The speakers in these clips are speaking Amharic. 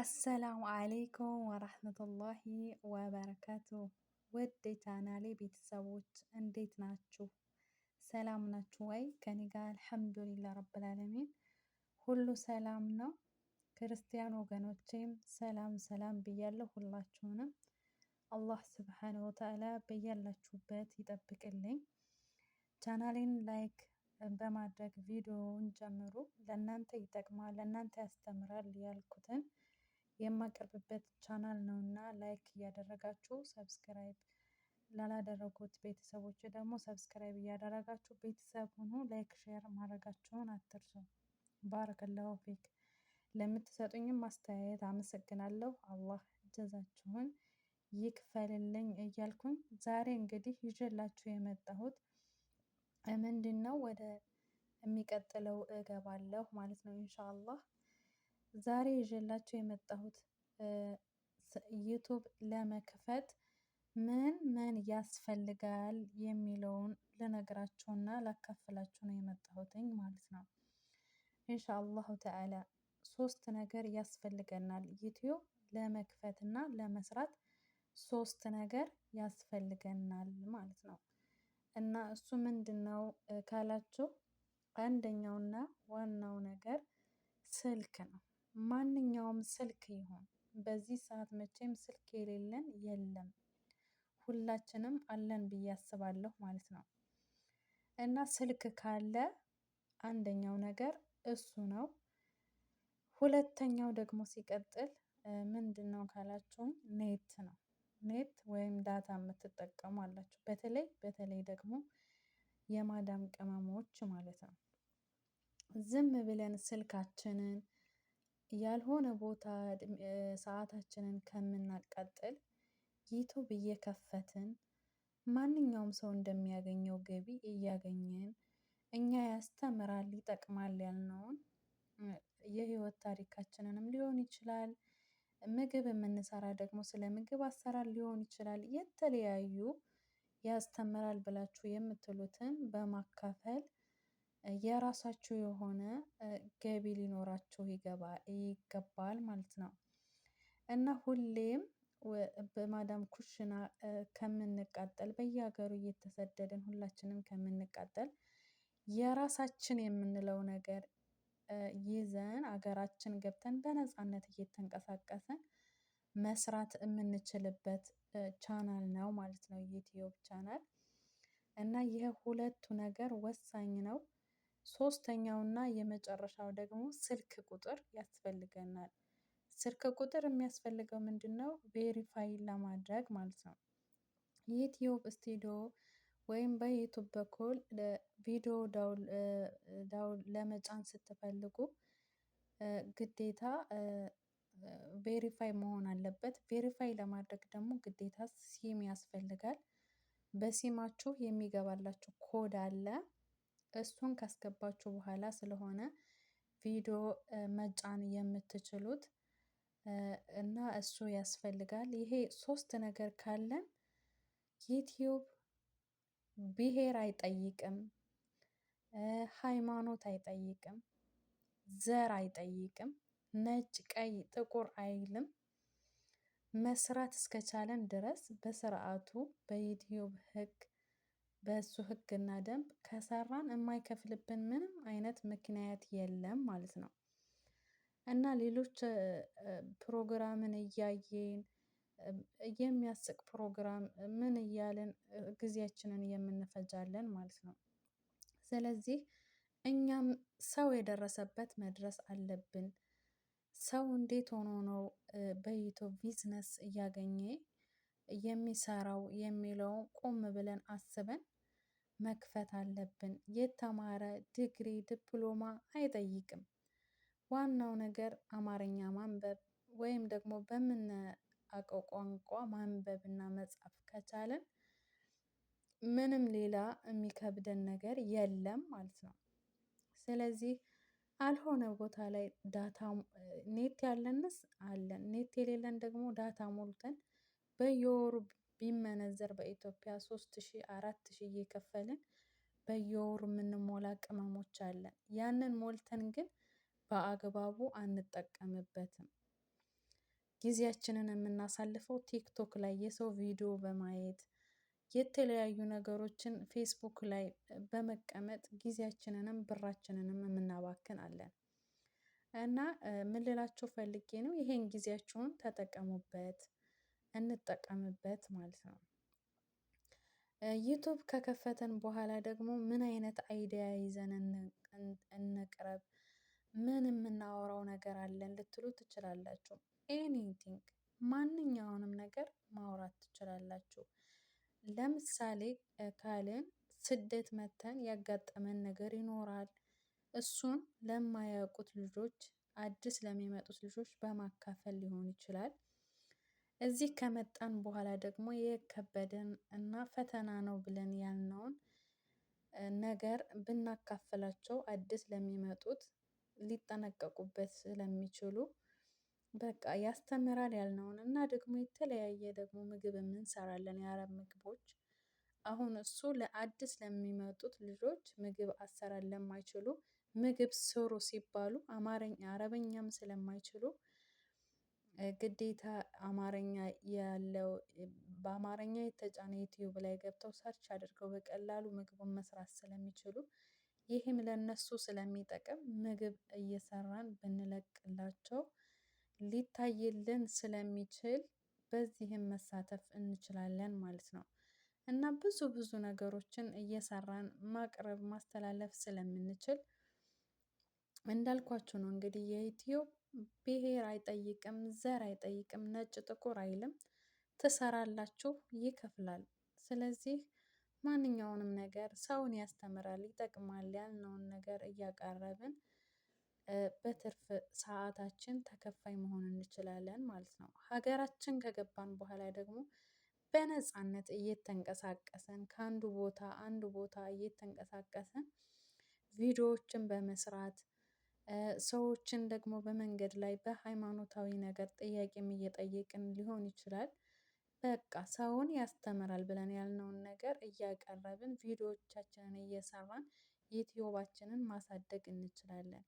አሰላሙ አሌይኩም ወራህመቱላሂ ወበረካቱ። ውድ የቻናሌ ቤተሰቦች እንዴት ናችሁ? ሰላም ናችሁ ወይ? ከኔ ጋር አልሐምዱሊላ ረብልዓለሚን ሁሉ ሰላም ነው። ክርስቲያን ወገኖቼም ሰላም ሰላም ብያለሁ። ሁላችሁንም አላህ ስብሓን ወተዓላ በያላችሁበት ይጠብቅልኝ። ቻናሌን ላይክ በማድረግ ቪዲዮውን ጀምሩ። ለእናንተ ይጠቅማል፣ ለእናንተ ያስተምራል ያልኩትን የማቀርብበት ቻናል እና ላይክ እያደረጋችሁ ሰብስክራይብ ላላደረጉት ቤተሰቦች ደግሞ ሰብስክራይብ እያደረጋችሁ ቤተሰብ ሁኑ። ላይክ ሼር ማድረጋችሁን አትርሱ። ባረከላሁ ፊክ። ለምትሰጡኝም አስተያየት አመሰግናለሁ። አላህ እጀዛችሁን ይክፈልልኝ እያልኩኝ ዛሬ እንግዲህ ይዤላችሁ የመጣሁት ምንድን ነው ወደ የሚቀጥለው እገባለሁ ማለት ነው ኢንሻአላህ ዛሬ ይዤላቸው የመጣሁት ዩቱብ ለመክፈት ምን ምን ያስፈልጋል የሚለውን ልነግራችሁና ላካፍላችሁ ነው የመጣሁትኝ ማለት ነው። ኢንሻአላሁ ተዓላ ሶስት ነገር ያስፈልገናል። ለመክፈት ለመክፈትና ለመስራት ሶስት ነገር ያስፈልገናል ማለት ነው። እና እሱ ምንድን ነው ካላችሁ አንደኛውና ዋናው ነገር ስልክ ነው። ማንኛውም ስልክ ይሁን በዚህ ሰዓት መቼም ስልክ የሌለን የለም ሁላችንም አለን ብዬ አስባለሁ ማለት ነው። እና ስልክ ካለ አንደኛው ነገር እሱ ነው። ሁለተኛው ደግሞ ሲቀጥል ምንድነው ካላችሁኝ ኔት ነው። ኔት ወይም ዳታ የምትጠቀሙ አላችሁ በተለይ በተለይ ደግሞ የማዳም ቅመሞች ማለት ነው። ዝም ብለን ስልካችንን ያልሆነ ቦታ ሰዓታችንን ከምናቃጥል ዩቱብ እየከፈትን ማንኛውም ሰው እንደሚያገኘው ገቢ እያገኘን እኛ ያስተምራል ይጠቅማል ያልነውን የህይወት ታሪካችንንም ሊሆን ይችላል። ምግብ የምንሰራ ደግሞ ስለ ምግብ አሰራር ሊሆን ይችላል የተለያዩ ያስተምራል ብላችሁ የምትሉትን በማካፈል የራሳቸው የሆነ ገቢ ሊኖራቸው ይገባል ማለት ነው። እና ሁሌም በማዳም ኩሽና ከምንቃጠል በየሀገሩ እየተሰደድን ሁላችንም ከምንቃጠል የራሳችን የምንለው ነገር ይዘን ሀገራችን ገብተን በነጻነት እየተንቀሳቀስን መስራት የምንችልበት ቻናል ነው ማለት ነው። ዩቲዩብ ቻናል እና ይህ ሁለቱ ነገር ወሳኝ ነው ሶስተኛውና የመጨረሻው ደግሞ ስልክ ቁጥር ያስፈልገናል። ስልክ ቁጥር የሚያስፈልገው ምንድነው? ቬሪፋይ ለማድረግ ማለት ነው። ዩቲዩብ ስቱዲዮ ወይም በዩቱብ በኩል ቪዲዮ ለመጫን ስትፈልጉ ግዴታ ቬሪፋይ መሆን አለበት። ቬሪፋይ ለማድረግ ደግሞ ግዴታ ሲም ያስፈልጋል። በሲማችሁ የሚገባላችሁ ኮድ አለ እሱን ካስገባችሁ በኋላ ስለሆነ ቪዲዮ መጫን የምትችሉት እና እሱ ያስፈልጋል። ይሄ ሶስት ነገር ካለን ዩቲዩብ ብሔር አይጠይቅም፣ ሃይማኖት አይጠይቅም፣ ዘር አይጠይቅም፣ ነጭ፣ ቀይ፣ ጥቁር አይልም። መስራት እስከቻለን ድረስ በስርዓቱ በዩቲዩብ ህግ በእሱ ህግና ደንብ ከሰራን የማይከፍልብን ምንም አይነት ምክንያት የለም ማለት ነው። እና ሌሎች ፕሮግራምን እያየን የሚያስቅ ፕሮግራም ምን እያለን ጊዜያችንን የምንፈጃለን ማለት ነው። ስለዚህ እኛም ሰው የደረሰበት መድረስ አለብን። ሰው እንዴት ሆኖ ነው በይቶ ቢዝነስ እያገኘ የሚሰራው የሚለውን ቆም ብለን አስበን መክፈት አለብን። የተማረ ዲግሪ ዲፕሎማ አይጠይቅም። ዋናው ነገር አማርኛ ማንበብ ወይም ደግሞ በምናውቀው ቋንቋ ማንበብና መጻፍ ከቻለን ምንም ሌላ የሚከብደን ነገር የለም ማለት ነው። ስለዚህ አልሆነ ቦታ ላይ ዳታ ኔት ያለንስ አለን ኔት የሌለን ደግሞ ዳታ ሞልተን በየወሩ ቢመነዘር በኢትዮጵያ ሶስት ሺ አራት ሺ እየከፈልን በየወሩ የምንሞላ ቅመሞች አለን። ያንን ሞልተን ግን በአግባቡ አንጠቀምበትም። ጊዜያችንን የምናሳልፈው ቲክቶክ ላይ የሰው ቪዲዮ በማየት የተለያዩ ነገሮችን ፌስቡክ ላይ በመቀመጥ ጊዜያችንንም ብራችንንም የምናባክን አለን። እና ምልላቸው ፈልጌ ነው፣ ይሄን ጊዜያችሁን ተጠቀሙበት። እንጠቀምበት ማለት ነው። ዩቱብ ከከፈተን በኋላ ደግሞ ምን አይነት አይዲያ ይዘን እንቅረብ? ምን የምናወራው ነገር አለን ልትሉ ትችላላችሁ። ኤኒቲንግ ማንኛውንም ነገር ማውራት ትችላላችሁ። ለምሳሌ ካልን ስደት መተን ያጋጠመን ነገር ይኖራል። እሱን ለማያውቁት ልጆች አዲስ ለሚመጡት ልጆች በማካፈል ሊሆን ይችላል እዚህ ከመጣን በኋላ ደግሞ የከበደን እና ፈተና ነው ብለን ያልነውን ነገር ብናካፍላቸው አዲስ ለሚመጡት ሊጠነቀቁበት ስለሚችሉ በቃ ያስተምራል ያልነውን እና ደግሞ የተለያየ ደግሞ ምግብ የምንሰራለን የአረብ ምግቦች አሁን እሱ ለአዲስ ለሚመጡት ልጆች ምግብ አሰራር ለማይችሉ ምግብ ስሩ ሲባሉ አማርኛ አረበኛም ስለማይችሉ ግዴታ አማርኛ ያለው በአማርኛ የተጫነ ዩቲዩብ ላይ ገብተው ሰርች አድርገው በቀላሉ ምግቡን መስራት ስለሚችሉ ይህም ለነሱ ስለሚጠቅም ምግብ እየሰራን ብንለቅላቸው ሊታይልን ስለሚችል በዚህም መሳተፍ እንችላለን ማለት ነው። እና ብዙ ብዙ ነገሮችን እየሰራን ማቅረብ ማስተላለፍ ስለምንችል እንዳልኳችሁ ነው እንግዲህ የኢትዮ ብሔር አይጠይቅም፣ ዘር አይጠይቅም፣ ነጭ ጥቁር አይልም። ትሰራላችሁ፣ ይከፍላል። ስለዚህ ማንኛውንም ነገር ሰውን ያስተምራል፣ ይጠቅማል ያልነውን ነገር እያቀረብን በትርፍ ሰዓታችን ተከፋይ መሆን እንችላለን ማለት ነው። ሀገራችን ከገባን በኋላ ደግሞ በነፃነት እየተንቀሳቀሰን ከአንዱ ቦታ አንዱ ቦታ እየተንቀሳቀሰን ቪዲዮዎችን በመስራት ሰዎችን ደግሞ በመንገድ ላይ በሃይማኖታዊ ነገር ጥያቄም እየጠየቅን ሊሆን ይችላል። በቃ ሰውን ያስተምራል ብለን ያልነውን ነገር እያቀረብን ቪዲዮዎቻችንን እየሰራን ዩትዩባችንን ማሳደግ እንችላለን።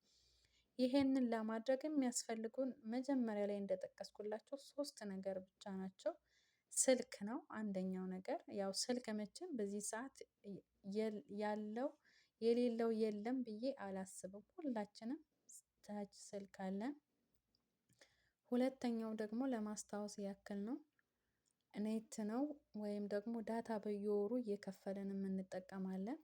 ይሄንን ለማድረግ የሚያስፈልጉን መጀመሪያ ላይ እንደጠቀስኩላችሁ ሶስት ነገር ብቻ ናቸው። ስልክ ነው አንደኛው ነገር ያው ስልክ መቼም በዚህ ሰዓት ያለው የሌለው የለም ብዬ አላስብም። ሁላችንም ታች ስልክ አለን። ሁለተኛው ደግሞ ለማስታወስ ያክል ነው ኔት ነው ወይም ደግሞ ዳታ በየወሩ እየከፈለን እንጠቀማለን።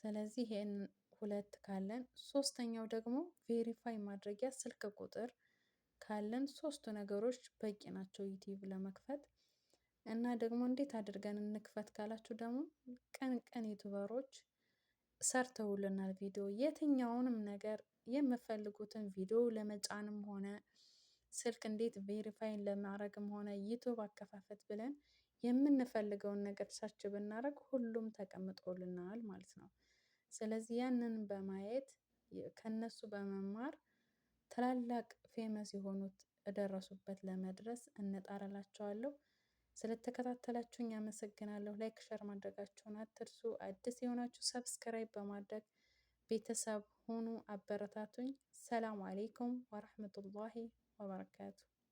ስለዚህ ይህን ሁለት ካለን ሶስተኛው ደግሞ ቬሪፋይ ማድረጊያ ስልክ ቁጥር ካለን ሶስቱ ነገሮች በቂ ናቸው ዩቲዩብ ለመክፈት። እና ደግሞ እንዴት አድርገን እንክፈት ካላችሁ ደግሞ ቀን ቀን ዩቱበሮች ሰርተውልናል ቪዲዮ የትኛውንም ነገር የምፈልጉትን ቪዲዮ ለመጫንም ሆነ ስልክ እንዴት ቬሪፋይን ለማድረግም ሆነ ዩቱብ አከፋፈት ብለን የምንፈልገውን ነገር ሰርች ብናደረግ ሁሉም ተቀምጦልናል ማለት ነው። ስለዚህ ያንን በማየት ከነሱ በመማር ትላላቅ ፌመስ የሆኑት እደረሱበት ለመድረስ እንጣረላቸዋለሁ። ስለተከታተላችሁኝ አመሰግናለሁ። ላይክ ሸር ማድረጋችሁን አትርሱ። አዲስ የሆናችሁ ሰብስክራይብ በማድረግ ቤተሰብ ሁኑ፣ አበረታቱኝ። ሰላም አሌይኩም ወረህመቱላሂ ወበረካቱ።